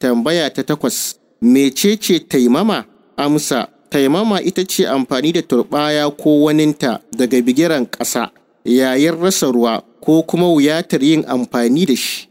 Tambaya ta takwas, mecece taimama? Amsa, taimama ita ce amfani da turɓaya ko waninta daga bigiran ƙasa yayin rasa ruwa ko kuma wuyatar yin amfani da shi.